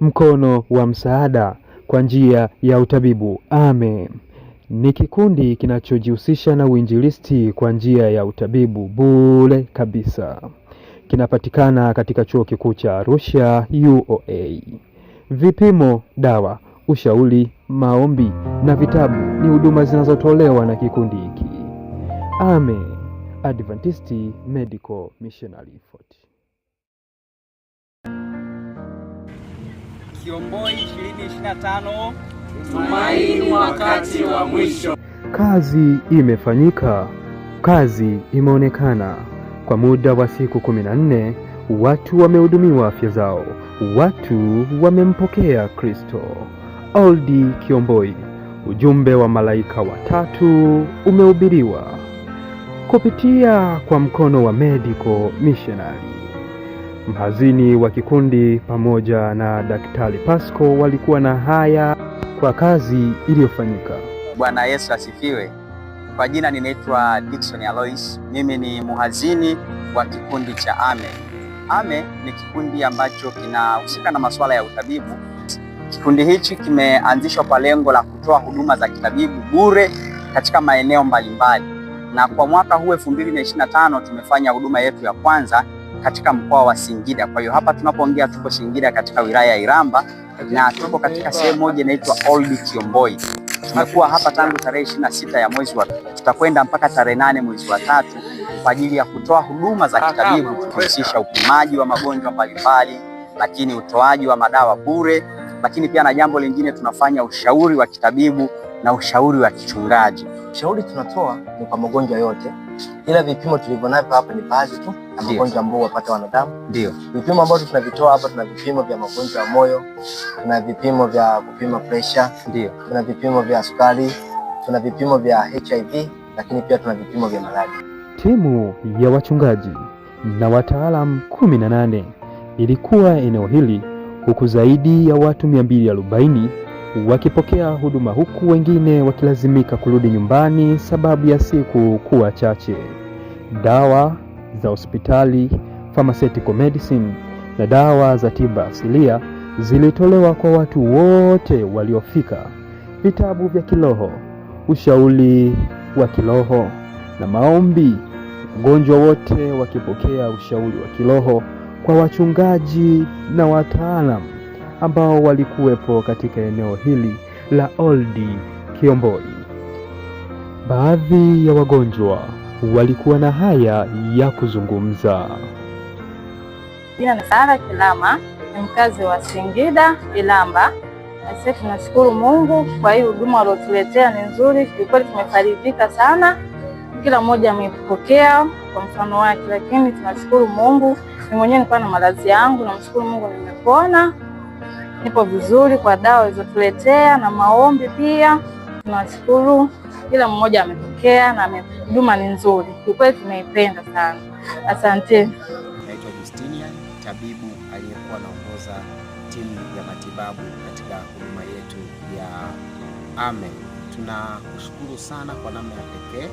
mkono wa msaada kwa njia ya utabibu. Amen. Ni kikundi kinachojihusisha na uinjilisti kwa njia ya utabibu bure kabisa. Kinapatikana katika Chuo Kikuu cha Arusha UoA. Vipimo, dawa, ushauri, maombi na vitabu ni huduma zinazotolewa na kikundi hiki. Amen. Adventist Medical Missionary Fort. Kiomboi 2025 tumaini wakati wa mwisho. Kazi imefanyika, kazi imeonekana. Kwa muda wa siku 14 watu wamehudumiwa afya zao, watu wamempokea Kristo. Oldi Kiomboi, ujumbe wa malaika watatu umehubiriwa kupitia kwa mkono wa Medical Missionary. Mhazini wa kikundi pamoja na Daktari Pasco walikuwa na haya kwa kazi iliyofanyika. Bwana Yesu asifiwe. Kwa jina ninaitwa Dickson Alois, mimi ni mhazini wa kikundi cha AME. AME ni kikundi ambacho kinahusika na masuala ya utabibu. Kikundi hichi kimeanzishwa kwa lengo la kutoa huduma za kitabibu bure katika maeneo mbalimbali, na kwa mwaka huu 2025 tumefanya huduma yetu ya kwanza katika mkoa wa Singida. Kwa hiyo hapa tunapoongea tuko Singida katika wilaya ya Iramba na tuko katika sehemu moja inaitwa Old Kiomboi. Tumekuwa hapa tangu tarehe ishirini na sita ya mwezi wa tutakwenda mpaka tarehe nane mwezi wa tatu kwa ajili ya kutoa huduma za kitabibu tukihusisha upimaji wa magonjwa mbalimbali, lakini utoaji wa madawa bure, lakini pia na jambo lingine tunafanya ushauri wa kitabibu na ushauri wa kichungaji. Ushauri tunatoa ni kwa magonjwa yote, ila vipimo tulivyonavyo hapa ni baadhi tu na magonjwa ambayo wapata wanadamu. Ndio vipimo ambavyo tunavitoa hapa, tuna vipimo vya magonjwa ya moyo, tuna vipimo vya kupima presha, ndio tuna vipimo vya sukari, tuna vipimo vya HIV, lakini pia tuna vipimo vya malaria. Timu ya wachungaji na wataalamu kumi na nane ilikuwa eneo hili huku zaidi ya watu 240 wakipokea huduma huku wengine wakilazimika kurudi nyumbani sababu ya siku kuwa chache. Dawa za hospitali, pharmaceutical medicine na dawa za tiba asilia zilitolewa kwa watu wote waliofika, vitabu vya kiroho, ushauri wa kiroho na maombi, wagonjwa wote wakipokea ushauri wa kiroho kwa wachungaji na wataalamu ambao walikuwepo katika eneo hili la Old Kiomboi. Baadhi ya wagonjwa walikuwa na haya ya kuzungumza. Jina ni Sara Kilama, ni mkazi wa Singida Ilamba. Nasi tunashukuru Mungu kwa hii huduma waliotuletea, ni nzuri kweli, tumefarijika sana, kila mmoja amepokea kwa mfano wake, lakini tunashukuru Mungu. Ni mwenyewe nilikuwa na maradhi yangu, namshukuru Mungu nimepona, nipo vizuri kwa dawa alizotuletea na maombi pia, tunashukuru kila mmoja ametokea na huduma ni nzuri, kiukweli tumeipenda sana. Asanteni. Naitwa Justinia, tabibu aliyekuwa anaongoza timu ya matibabu katika huduma yetu ya Amen. Tunakushukuru sana kwa namna ya pekee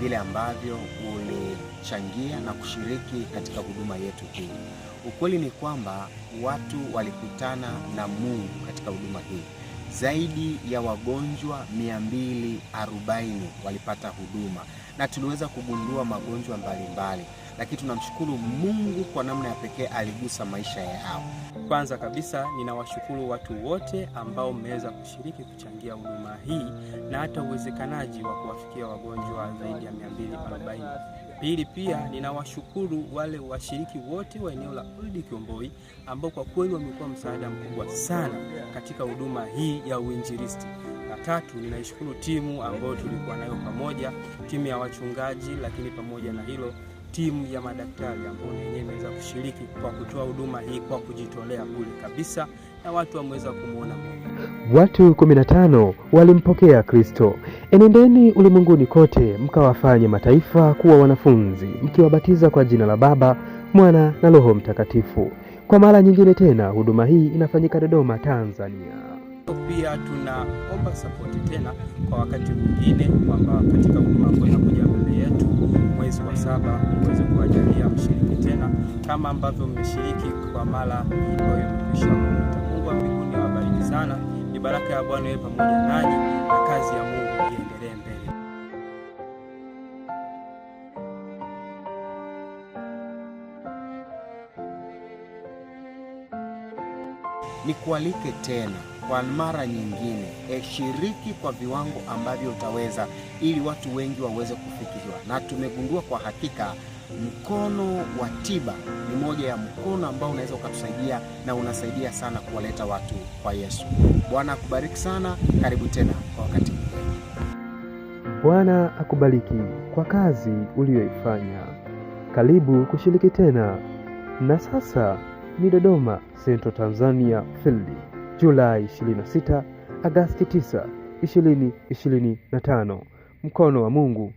vile ambavyo ulichangia na kushiriki katika huduma yetu hii. Ukweli ni kwamba watu walikutana na Mungu katika huduma hii zaidi ya wagonjwa 240 walipata huduma na tuliweza kugundua magonjwa mbalimbali, lakini tunamshukuru Mungu kwa namna ya pekee aligusa maisha yao. Kwanza kabisa ninawashukuru watu wote ambao mmeweza kushiriki kuchangia huduma hii na hata uwezekanaji wa kuwafikia wagonjwa zaidi ya 240. Pili, pia ninawashukuru wale washiriki wote wa eneo la Old Kiomboi ambao kwa kweli wamekuwa msaada mkubwa sana katika huduma hii ya uinjilisti. Na tatu, ninaishukuru timu ambayo tulikuwa nayo pamoja, timu ya wachungaji, lakini pamoja na hilo timu ya madaktari ambao nenyewe imeweza kushiriki kwa kutoa huduma hii kwa kujitolea bure kabisa, na watu wameweza kumwona Watu 15 walimpokea Kristo. Enendeni ulimwenguni kote mkawafanye mataifa kuwa wanafunzi, mkiwabatiza kwa jina la Baba, Mwana na Roho Mtakatifu. Kwa mara nyingine tena huduma hii inafanyika Dodoma, Tanzania. Pia tunaomba sapoti tena kwa wakati mwingine, kwamba katika huduma ambayo inakuja mbele yetu mwezi wa saba uweze kuwajalia mshiriki tena kama ambavyo mmeshiriki kwa mara iliyoisha. Mungu wa mbinguni awabariki sana, ni baraka ya Bwana iwe pamoja nanyi na kazi ya Mungu iendelee mbele. nikualike tena kwa mara nyingine, e, shiriki kwa viwango ambavyo utaweza, ili watu wengi waweze kufikiriwa. Na tumegundua kwa hakika mkono wa tiba ni moja ya mkono ambao unaweza ukatusaidia na unasaidia sana kuwaleta watu kwa Yesu. Bwana akubariki sana. Karibu tena kwa wakati mwingine. Bwana akubariki kwa kazi uliyoifanya. Karibu kushiriki tena na sasa ni Dodoma Central Tanzania Field Julai 26 Agasti 9 2025. Mkono wa Mungu